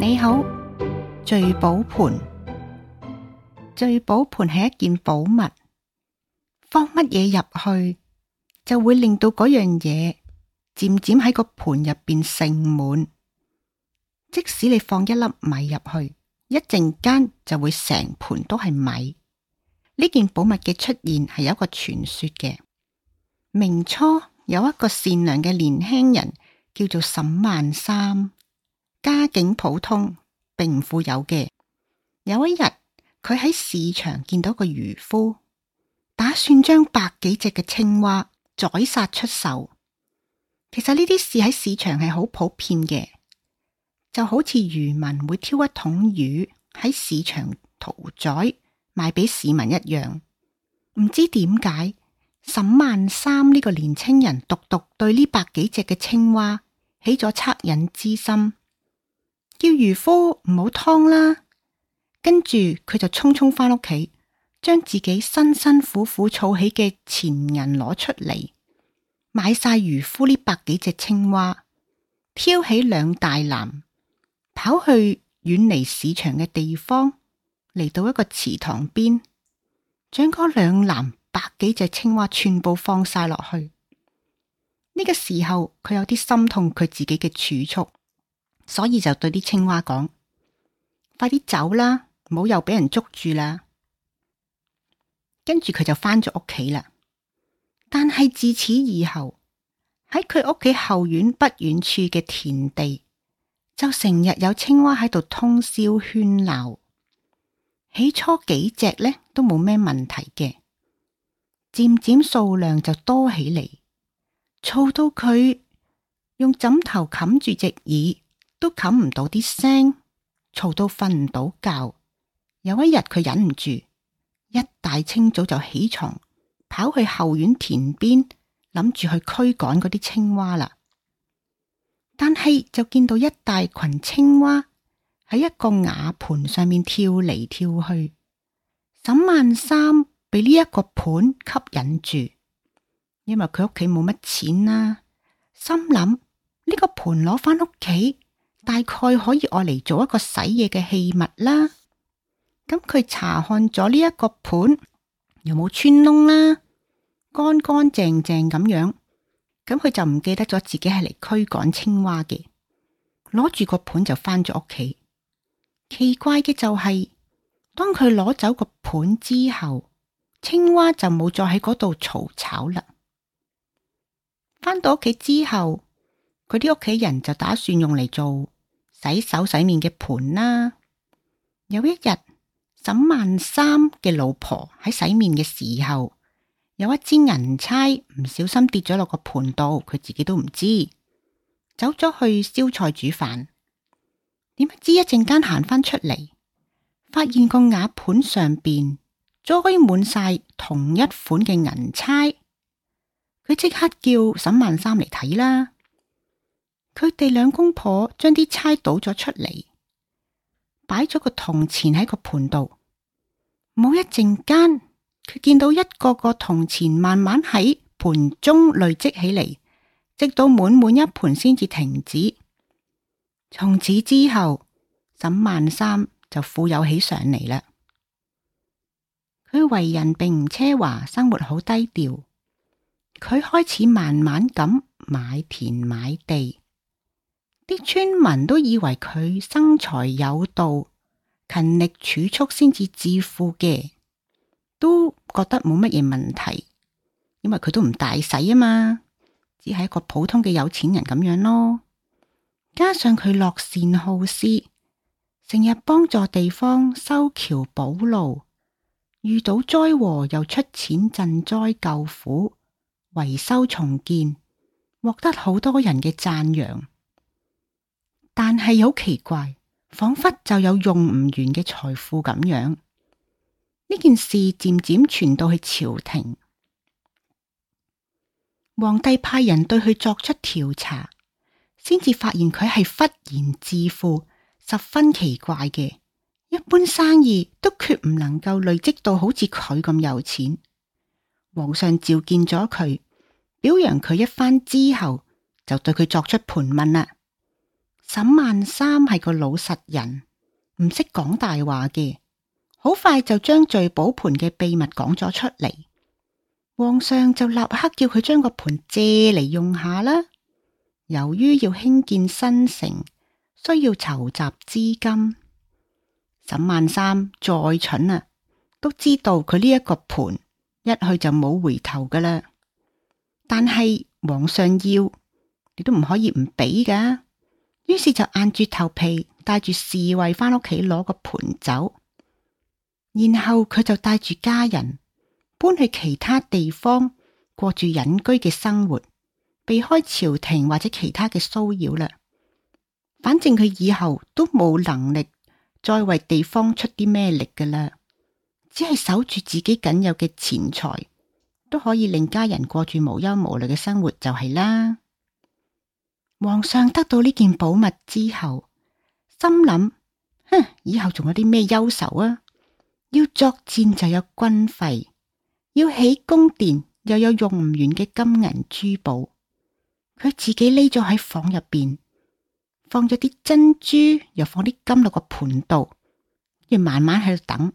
你好，聚寶盆，聚寶盆係一件寶物，放乜嘢入去就會令到嗰樣嘢漸漸喺個盤入邊盛滿。即使你放一粒米入去，一陣間就會成盤都係米。呢件寶物嘅出現係有一個傳說嘅。明初有一個善良嘅年輕人叫做沈萬三。家境普通，並唔富有嘅。有一日，佢喺市場見到個漁夫，打算將百幾隻嘅青蛙宰殺出售。其實呢啲事喺市場係好普遍嘅，就好似漁民會挑一桶魚喺市場屠宰賣俾市民一樣。唔知點解，沈萬三呢個年青人獨獨對呢百幾隻嘅青蛙起咗惻隱之心。叫漁夫唔好劏啦，跟住佢就匆匆翻屋企，將自己辛辛苦苦儲起嘅錢銀攞出嚟，買晒漁夫呢百幾隻青蛙，挑起兩大籃，跑去遠離市場嘅地方，嚟到一個池塘邊，將嗰兩籃百幾隻青蛙全部放晒落去。呢個時候，佢有啲心痛佢自己嘅儲蓄。所以就對啲青蛙講：快啲走啦，唔好又俾人捉住啦。跟住佢就返咗屋企啦。但係自此以後，喺佢屋企後院不遠處嘅田地，就成日有青蛙喺度通宵喧鬧。起初幾隻呢都冇咩問題嘅，漸漸數量就多起嚟，嘈到佢用枕頭冚住隻耳。都冚唔到啲聲，嘈到瞓唔到覺。有一日佢忍唔住，一大清早就起床，跑去後院田邊，諗住去驅趕嗰啲青蛙啦。但係就見到一大群青蛙喺一個瓦盤上面跳嚟跳去。沈萬三俾呢一個盤吸引住，因為佢屋企冇乜錢啦，啊，心諗呢、呢個盤攞翻屋企。大概可以用嚟做一個洗嘢嘅器物啦。咁佢查看咗呢一個盤又冇穿窿啦，乾乾淨淨咁樣。咁佢就唔記得咗自己係嚟驅趕青蛙嘅，攞住個盤就翻咗屋企。奇怪嘅就係，當佢攞走個盤之後，青蛙就冇再喺嗰度嘈吵啦。翻到屋企之後，佢啲屋企人就打算用嚟做。洗手洗面嘅盤啦，有一日沈萬三嘅老婆喺洗面嘅時候，有一支銀釵唔小心跌咗落個盤度，佢自己都唔知，走咗去燒菜煮飯，點不知一陣間行翻出嚟，發現個瓦盤上邊堆滿晒同一款嘅銀釵，佢即刻叫沈萬三嚟睇啦。佢哋兩公婆將啲差倒咗出嚟，擺咗個銅錢喺個盤度。冇一陣間，佢見到一個個銅錢慢慢喺盤中累積起嚟，直到滿滿一盤先至停止。從此之後，沈萬三就富有起上嚟啦。佢為人並唔奢華，生活好低調。佢開始慢慢咁買田買地。啲村民都以為佢生財有道，勤力儲蓄先至致富嘅，都覺得冇乜嘢問題，因為佢都唔大使啊嘛，只係一個普通嘅有錢人咁樣咯。加上佢樂善好施，成日幫助地方修橋補路，遇到災禍又出錢賑災救苦，維修重建，獲得好多人嘅讚揚。但係好奇怪，仿佛就有用唔完嘅財富咁樣。呢件事漸漸傳到去朝廷，皇帝派人對佢作出調查，先至發現佢係忽然致富，十分奇怪嘅。一般生意都決唔能夠累積到好似佢咁有錢。皇上召見咗佢，表揚佢一番之後，就對佢作出盤問啦。沈萬三係個老實人，唔識講大話嘅，好快就將聚寶盆嘅秘密講咗出嚟。皇上就立刻叫佢將個盆借嚟用下啦。由於要興建新城，需要籌集資金，沈萬三再蠢啊，都知道佢呢一個盆一去就冇回頭噶啦。但係皇上要，你都唔可以唔俾噶。於是就硬住頭皮帶住侍衛翻屋企攞個盤走。然後佢就帶住家人搬去其他地方過住隱居嘅生活，避開朝廷或者其他嘅騷擾啦。反正佢以後都冇能力再為地方出啲咩力噶啦，只係守住自己僅有嘅錢財，都可以令家人過住無憂無慮嘅生活就係啦。皇上得到呢件寶物之後，心諗：哼，以後仲有啲咩憂愁啊？要作戰就有軍費，要起宮殿又有用唔完嘅金銀珠寶。佢自己匿咗喺房入邊，放咗啲珍珠，又放啲金落個盆度，要慢慢喺度等。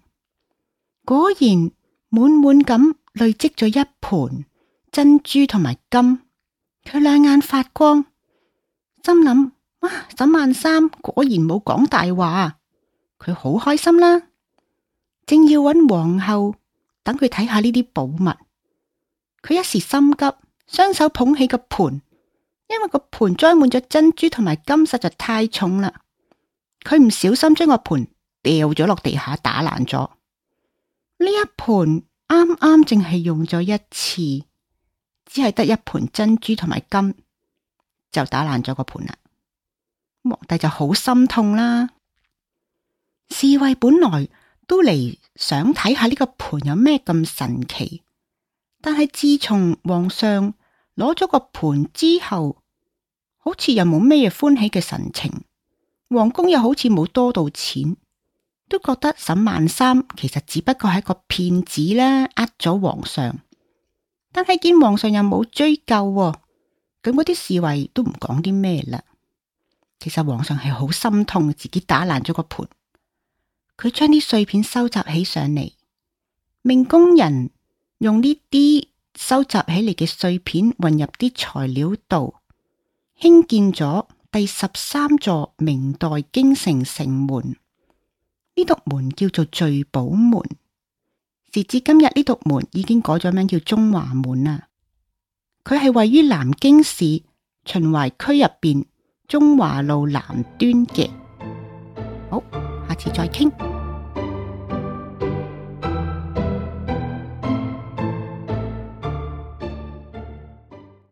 果然滿滿咁累積咗一盤珍珠同埋金，佢兩眼發光。心諗哇，沈萬三果然冇講大話，佢好開心啦！正要搵皇后等佢睇下呢啲寶物，佢一時心急，雙手捧起個盆，因為個盆裝滿咗珍珠同埋金實在太重啦，佢唔小心將個盆掉咗落地下，打爛咗。呢一盆啱啱淨係用咗一次，只係得一盆珍珠同埋金。就打爛咗個盤啦，皇帝就好心痛啦。侍衛本來都嚟，想睇下呢個盤有咩咁神奇，但係自從皇上攞咗個盤之後，好似又冇咩嘢歡喜嘅神情。皇宮又好似冇多到錢，都覺得沈萬三其實只不過係一個騙子啦，呃咗皇上。但係見皇上又冇追究啊。咁嗰啲侍衛都唔講啲咩啦。其實皇上係好心痛自己打爛咗個盤，佢將啲碎片收集起上嚟，命工人用呢啲收集起嚟嘅碎片混入啲材料度興建咗第十三座明代京城城門。呢道門叫做聚寶門，時至今日，呢道門已經改咗名叫中華門啦。佢係位於南京市秦淮區入面，中華路南端嘅。好，下次再傾。